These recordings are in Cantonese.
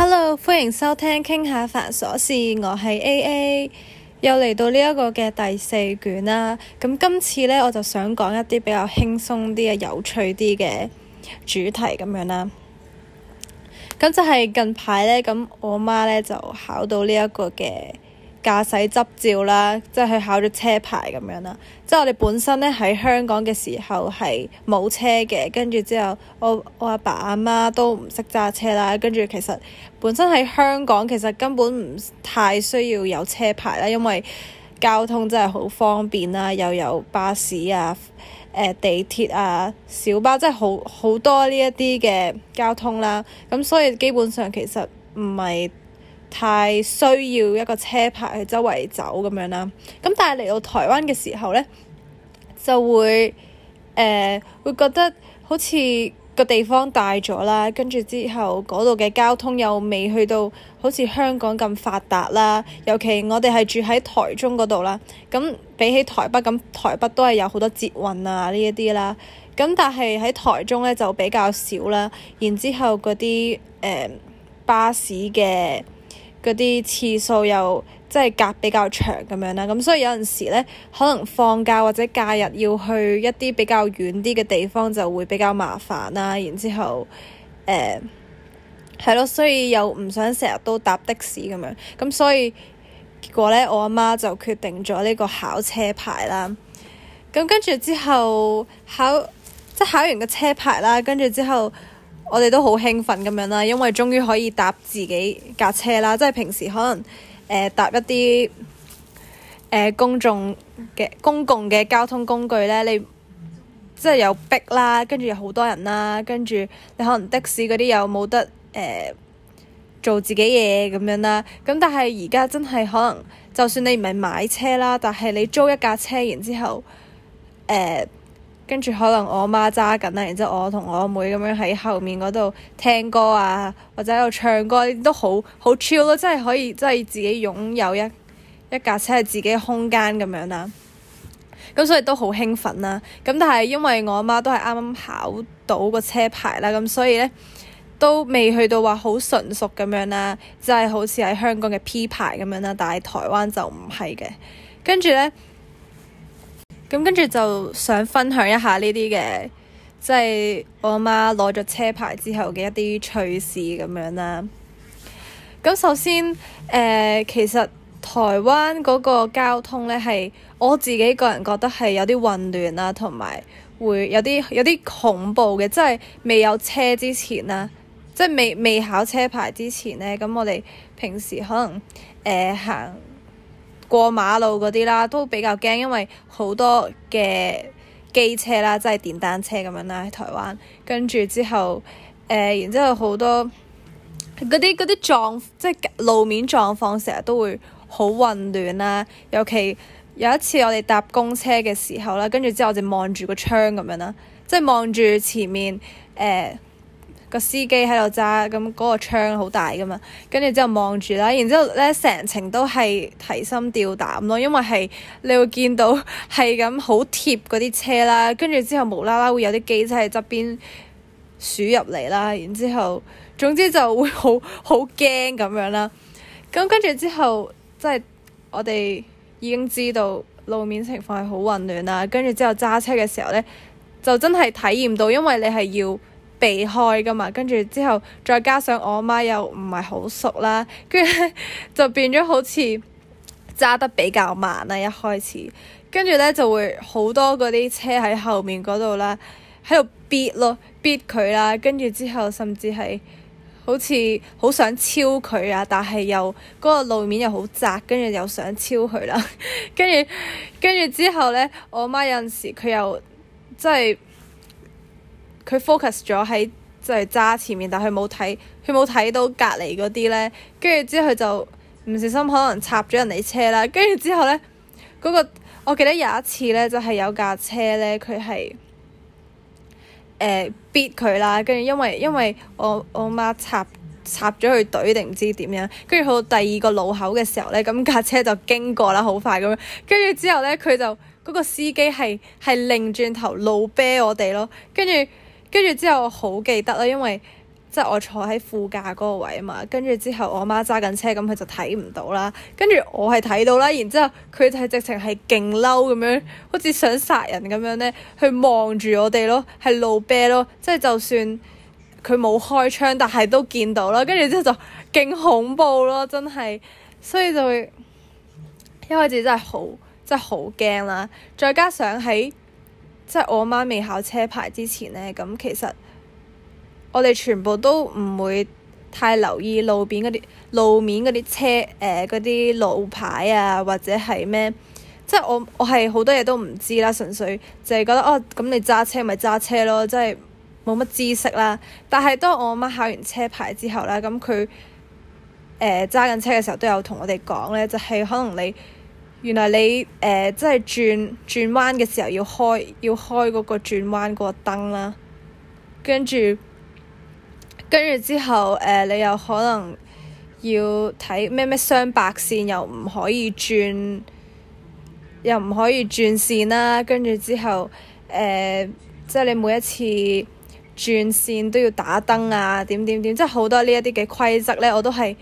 Hello，歡迎收聽傾下煩瑣事，我係 AA，又嚟到呢一個嘅第四卷啦。咁今次咧，我就想講一啲比較輕鬆啲嘅、有趣啲嘅主題咁樣啦。咁就係近排咧，咁我媽咧就考到呢一個嘅。駕駛執照啦，即係考咗車牌咁樣啦。即係我哋本身咧喺香港嘅時候係冇車嘅，跟住之後我我阿爸阿媽都唔識揸車啦。跟住其實本身喺香港其實根本唔太需要有車牌啦，因為交通真係好方便啦，又有巴士啊、誒、呃、地鐵啊、小巴，即係好好多呢一啲嘅交通啦。咁所以基本上其實唔係。太需要一個車牌去周圍走咁樣啦。咁但係嚟到台灣嘅時候呢，就會誒、呃、會覺得好似個地方大咗啦。跟住之後嗰度嘅交通又未去到好似香港咁發達啦。尤其我哋係住喺台中嗰度啦，咁、嗯、比起台北咁、嗯，台北都係有好多捷運啊呢一啲啦。咁、嗯、但係喺台中呢，就比較少啦。然之後嗰啲、呃、巴士嘅。嗰啲次數又即係隔比較長咁樣啦，咁所以有陣時咧，可能放假或者假日要去一啲比較遠啲嘅地方就會比較麻煩啦。然之後，誒係咯，所以又唔想成日都搭的士咁樣，咁所以結果咧，我阿媽就決定咗呢個考車牌啦。咁跟住之後，考，即係考完個車牌啦，跟住之後。我哋都好興奮咁樣啦，因為終於可以搭自己架車啦！即係平時可能誒、呃、搭一啲誒、呃、公眾嘅公共嘅交通工具咧，你即係有逼啦，跟住有好多人啦，跟住你可能的士嗰啲又冇得誒、呃、做自己嘢咁樣啦。咁但係而家真係可能，就算你唔係買車啦，但係你租一架車然之後誒。呃跟住可能我阿媽揸緊啦，然之後我同我阿妹咁樣喺後面嗰度聽歌啊，或者喺度唱歌都好好 chill 咯，真係可以真係自己擁有一一架車係自己嘅空間咁樣啦、啊。咁所以都好興奮啦、啊。咁但係因為我阿媽都係啱啱考到個車牌啦，咁所以呢，都未去到話、啊就是、好純熟咁樣啦，即係好似喺香港嘅 P 牌咁樣啦、啊，但係台灣就唔係嘅。跟住呢。咁跟住就想分享一下呢啲嘅，即係我阿媽攞咗車牌之後嘅一啲趣事咁樣啦。咁首先，誒其實台灣嗰個交通咧係我自己個人覺得係有啲混亂啦，同埋會有啲有啲恐怖嘅，即係未有車之前啦，即係未未考車牌之前咧，咁我哋平時可能誒行。過馬路嗰啲啦，都比較驚，因為好多嘅機車啦，即係電單車咁樣啦，喺台灣。跟住之後，誒，然之後好多嗰啲嗰啲撞，即係路面狀況成日都會好混亂啦。尤其有一次我哋搭公車嘅時候啦，跟住之後我哋望住個窗咁樣啦，即係望住前面誒。呃個司機喺度揸，咁嗰個窗好大㗎嘛，跟住之後望住啦，然之後咧成程都係提心吊膽咯，因為係你會見到係咁好貼嗰啲車啦，跟住之後無啦啦會有啲機車喺側邊鼠入嚟啦，然之後總之就會好好驚咁樣啦，咁跟住之後即係我哋已經知道路面情況係好混亂啦，跟住之後揸車嘅時候咧就真係體驗到，因為你係要。避開㗎嘛，跟住之後再加上我媽又唔係好熟啦，跟住就變咗好似揸得比較慢啦一開始，跟住咧就會好多嗰啲車喺後面嗰度啦，喺度逼咯逼佢啦，跟住之後甚至係好似好想超佢啊，但係又嗰個路面又好窄，跟住又想超佢啦，跟住跟住之後咧我媽有陣時佢又即係。真佢 focus 咗喺即係揸前面，但佢冇睇，佢冇睇到隔離嗰啲咧。跟住之後，佢就唔小心可能插咗人哋車啦。跟住之後咧，嗰、那個我記得有一次咧，就係、是、有架車咧，佢係誒逼佢啦。跟住因為因為我我媽插插咗佢隊定唔知點樣。跟住去到第二個路口嘅時候咧，咁架車就經過啦，好快咁樣。跟住之後咧，佢就嗰、那個司機係係擰轉頭路啤我哋咯。跟住。跟住之後，我好記得啦，因為即係我坐喺副駕嗰個位啊嘛。跟住之後，我媽揸緊車，咁佢就睇唔到啦。跟住我係睇到啦，然之後佢就係直情係勁嬲咁樣，好似想殺人咁樣咧，去望住我哋咯，係怒啤咯。即係就算佢冇開槍，但係都見到咯。跟住之後就勁恐怖咯，真係。所以就會一開始真係好真係好驚啦，再加上喺。即係我媽未考車牌之前呢，咁其實我哋全部都唔會太留意路邊嗰啲路面嗰啲車誒，嗰啲路牌啊，或者係咩？即係我我係好多嘢都唔知啦，純粹就係覺得哦，咁你揸車咪揸車咯，即係冇乜知識啦。但係當我媽考完車牌之後咧，咁佢誒揸緊車嘅時候都有同我哋講咧，就係、是、可能你。原來你誒，即係轉轉彎嘅時候要開要開嗰個轉彎嗰個燈啦，跟住跟住之後誒、呃，你又可能要睇咩咩雙白線，又唔可以轉，又唔可以轉線啦。跟住之後誒、呃，即係你每一次轉線都要打燈啊，點點點，即係好多呢一啲嘅規則咧，我都係，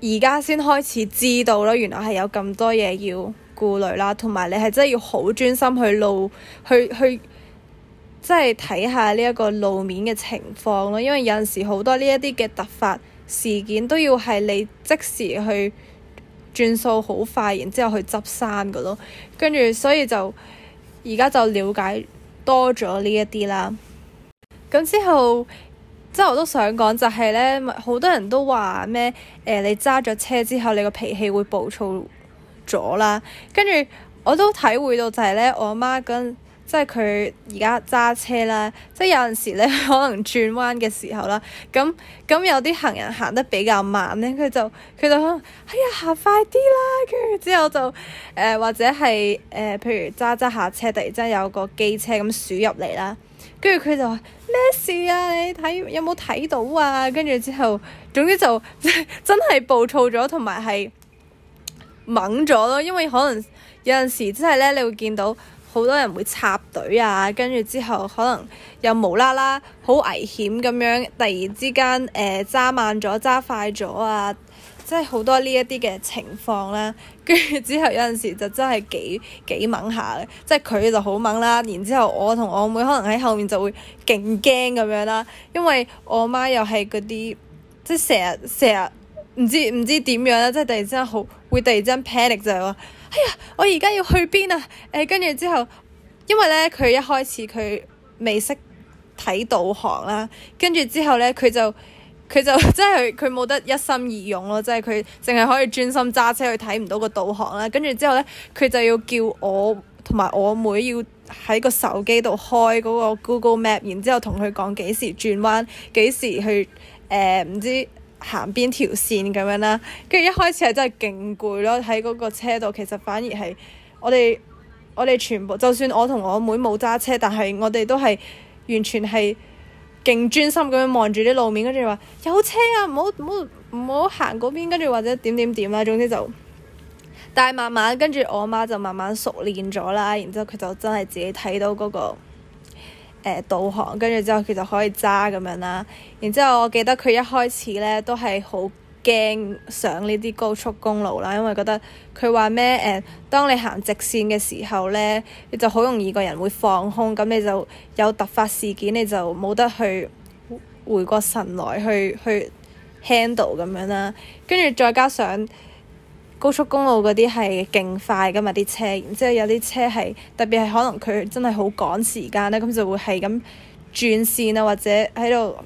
而家先開始知道咯，原來係有咁多嘢要顧慮啦，同埋你係真係要好專心去路，去去，即係睇下呢一個路面嘅情況咯。因為有陣時好多呢一啲嘅突發事件都要係你即時去轉數好快，然之後去執生㗎咯。跟住所以就而家就了解多咗呢一啲啦。咁之後。即係我都想講就係咧，好多人都話咩誒？你揸咗車之後，你個脾氣會暴躁咗啦。跟住我都體會到就係咧，我媽嗰陣即係佢而家揸車啦，即係有陣時咧可能轉彎嘅時候啦，咁咁有啲行人行得比較慢咧，佢就佢就可能哎呀行快啲啦，跟住之後就誒、呃、或者係誒、呃，譬如揸揸下車，突然之間有個機車咁駛入嚟啦。跟住佢就話咩事啊？你睇有冇睇到啊？跟住之後，總之就 真係暴躁咗，同埋係猛咗咯。因為可能有陣時真係咧，你會見到好多人會插隊啊，跟住之後可能又無啦啦好危險咁樣，突然之間誒揸、呃、慢咗、揸快咗啊！即係好多呢一啲嘅情況啦，跟住之後有陣時就真係幾幾猛下嘅，即係佢就好猛啦，然之後我同我妹可能喺後面就會勁驚咁樣啦，因為我媽又係嗰啲即係成日成日唔知唔知點樣啦，即係突然之間好會突然之間 panic 就係話，哎呀我而家要去邊啊？誒跟住之後，因為咧佢一開始佢未識睇導航啦，跟住之後咧佢就。佢就真係佢冇得一心二用咯，即係佢淨係可以專心揸車去睇唔到個導航啦。跟住之後呢，佢就要叫我同埋我妹要喺個手機度開嗰個 Google Map，然之後同佢講幾時轉彎，幾時去誒、呃、唔知行邊條線咁樣啦。跟住一開始係真係勁攰咯，喺嗰個車度其實反而係我哋我哋全部，就算我同我妹冇揸車，但係我哋都係完全係。勁專心咁樣望住啲路面，跟住話有車啊，唔好唔好唔好行嗰邊，跟住或者點點點啦，總之就。但係慢慢跟住我媽就慢慢熟練咗啦，然之後佢就真係自己睇到嗰個誒、呃、導航，跟住之後佢就可以揸咁樣啦。然之後我記得佢一開始咧都係好驚上呢啲高速公路啦，因為覺得佢話咩，誒，當你行直線嘅時候咧，你就好容易個人會放空，咁你就有突發事件，你就冇得去回過神來去去 handle 咁樣啦。跟住再加上高速公路嗰啲係勁快噶嘛，啲車，然之後有啲車係特別係可能佢真係好趕時間咧，咁就會係咁轉線啊，或者喺度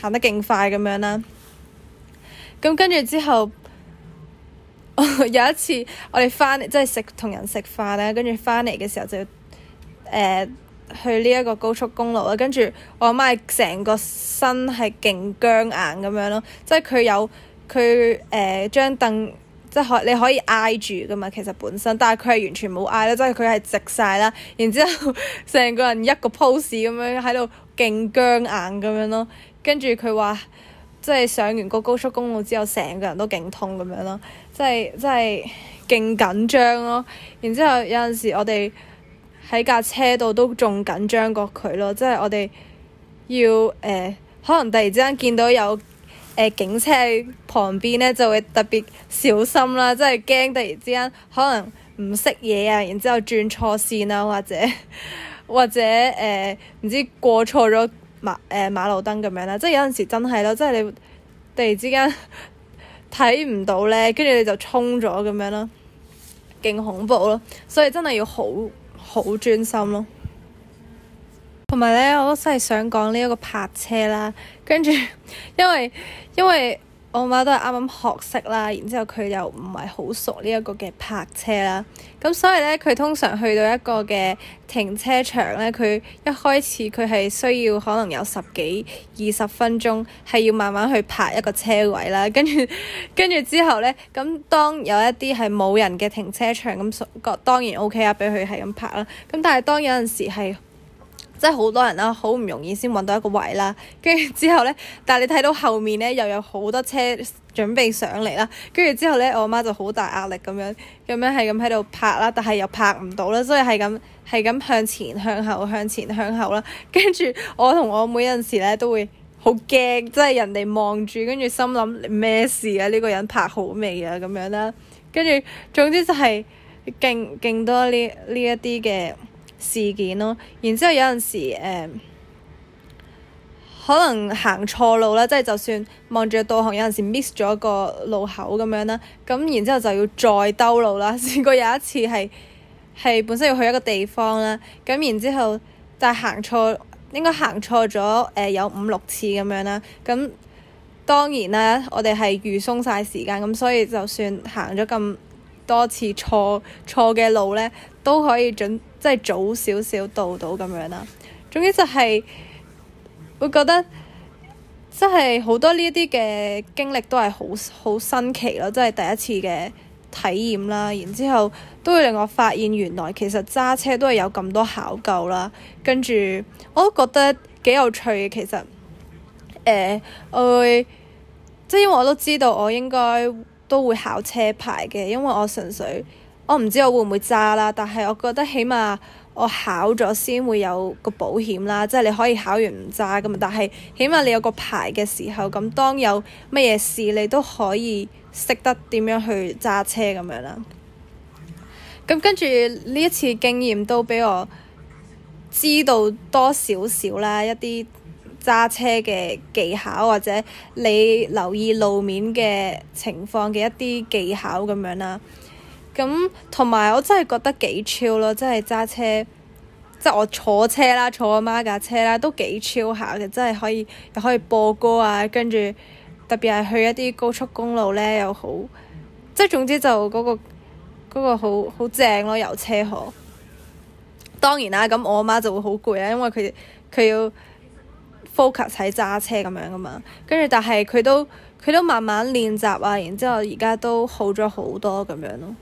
行得勁快咁樣啦。咁跟住之後、哦，有一次我哋翻嚟即係食同人食飯啦，跟住翻嚟嘅時候就誒、呃、去呢一個高速公路啦，跟住我媽係成個身係勁僵硬咁樣咯，即係佢有佢誒張凳，即係可你可以挨住噶嘛，其實本身，但係佢係完全冇挨啦，即係佢係直晒啦，然之後成個人一個 pose 咁樣喺度勁僵硬咁樣咯，跟住佢話。即係上完個高速公路之後，成個人都勁痛咁樣咯，即係即係勁緊張咯。然之後有陣時我哋喺架車度都仲緊張過佢咯，即係我哋要誒、呃，可能突然之間見到有誒、呃、警車旁邊咧，就會特別小心啦。即係驚突然之間可能唔識嘢啊，然之後轉錯線啊，或者或者誒唔、呃、知過錯咗。馬誒馬路燈咁樣啦，即係有陣時真係咯，即係你突然之間睇 唔到咧，跟住你就衝咗咁樣咯，勁恐怖咯，所以真係要好好專心咯。同埋咧，我都真係想講呢一個泊車啦，跟住因為因為。因為我媽都係啱啱學識啦，然之後佢又唔係好熟呢一個嘅泊車啦，咁所以咧，佢通常去到一個嘅停車場咧，佢一開始佢係需要可能有十幾二十分鐘，係要慢慢去泊一個車位啦。跟住跟住之後咧，咁當有一啲係冇人嘅停車場咁，當然 ok 啊，俾佢係咁泊啦。咁但係當有陣時係，即係好多人啦，好唔容易先揾到一個位啦，跟住之後呢，但係你睇到後面呢，又有好多車準備上嚟啦，跟住之後呢，我媽就好大壓力咁樣，咁樣係咁喺度拍啦，但係又拍唔到啦，所以係咁係咁向前向後向前向後啦，跟住我同我妹有陣時呢都會好驚，即係人哋望住，跟住心諗咩事啊？呢個人拍好未啊？咁樣啦，跟住總之就係勁勁多呢呢一啲嘅。事件咯，然之後有陣時誒、呃，可能行錯路啦，即係就算望住導航，有陣時 miss 咗個路口咁樣啦，咁然之後就要再兜路啦。試過有一次係係本身要去一個地方啦，咁然之後但係行錯，應該行錯咗誒有五六次咁樣啦，咁當然啦，我哋係預鬆晒時間，咁所以就算行咗咁多次錯錯嘅路咧。都可以準，即係早少少到到咁樣啦。總之就係會覺得，即係好多呢啲嘅經歷都係好好新奇咯，即係第一次嘅體驗啦。然之後都會令我發現，原來其實揸車都係有咁多考究啦。跟住我都覺得幾有趣嘅，其實誒、呃，我即係因為我都知道，我應該都會考車牌嘅，因為我純粹。我唔知我會唔會揸啦，但係我覺得起碼我考咗先會有個保險啦，即係你可以考完唔揸㗎嘛。但係起碼你有個牌嘅時候，咁當有乜嘢事，你都可以識得點樣去揸車咁樣啦。咁跟住呢一次經驗都俾我知道多少少啦，一啲揸車嘅技巧或者你留意路面嘅情況嘅一啲技巧咁樣啦。咁同埋我真係覺得幾超咯，真係揸車，即係我坐車啦，坐我媽架車啦，都幾超下嘅，真係可以又可以播歌啊，跟住特別係去一啲高速公路咧，又好，即係總之就嗰個，嗰個好好正咯，啊，遊車河。當然啦，啊，咁我阿媽就會好攰啊，因為佢佢要 focus 喺揸車咁樣噶嘛，跟住但係佢都佢都慢慢練習啊，然之後而家都好咗好多咁樣咯。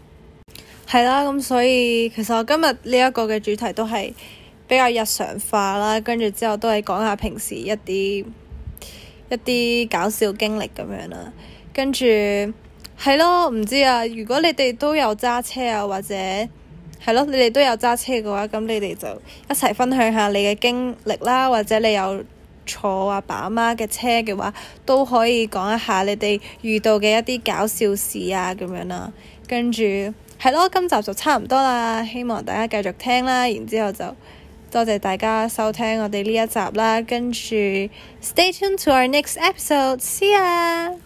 係啦，咁所以其實我今日呢一個嘅主題都係比較日常化啦，跟住之後都係講下平時一啲一啲搞笑經歷咁樣啦。跟住係咯，唔知啊，如果你哋都有揸車啊，或者係咯，你哋都有揸車嘅話，咁你哋就一齊分享下你嘅經歷啦，或者你有坐阿爸阿媽嘅車嘅話，都可以講一下你哋遇到嘅一啲搞笑事啊咁樣啦。跟住。係咯，今集就差唔多啦，希望大家繼續聽啦。然之後就多謝大家收聽我哋呢一集啦。跟住，stay tuned to our next episode。See ya！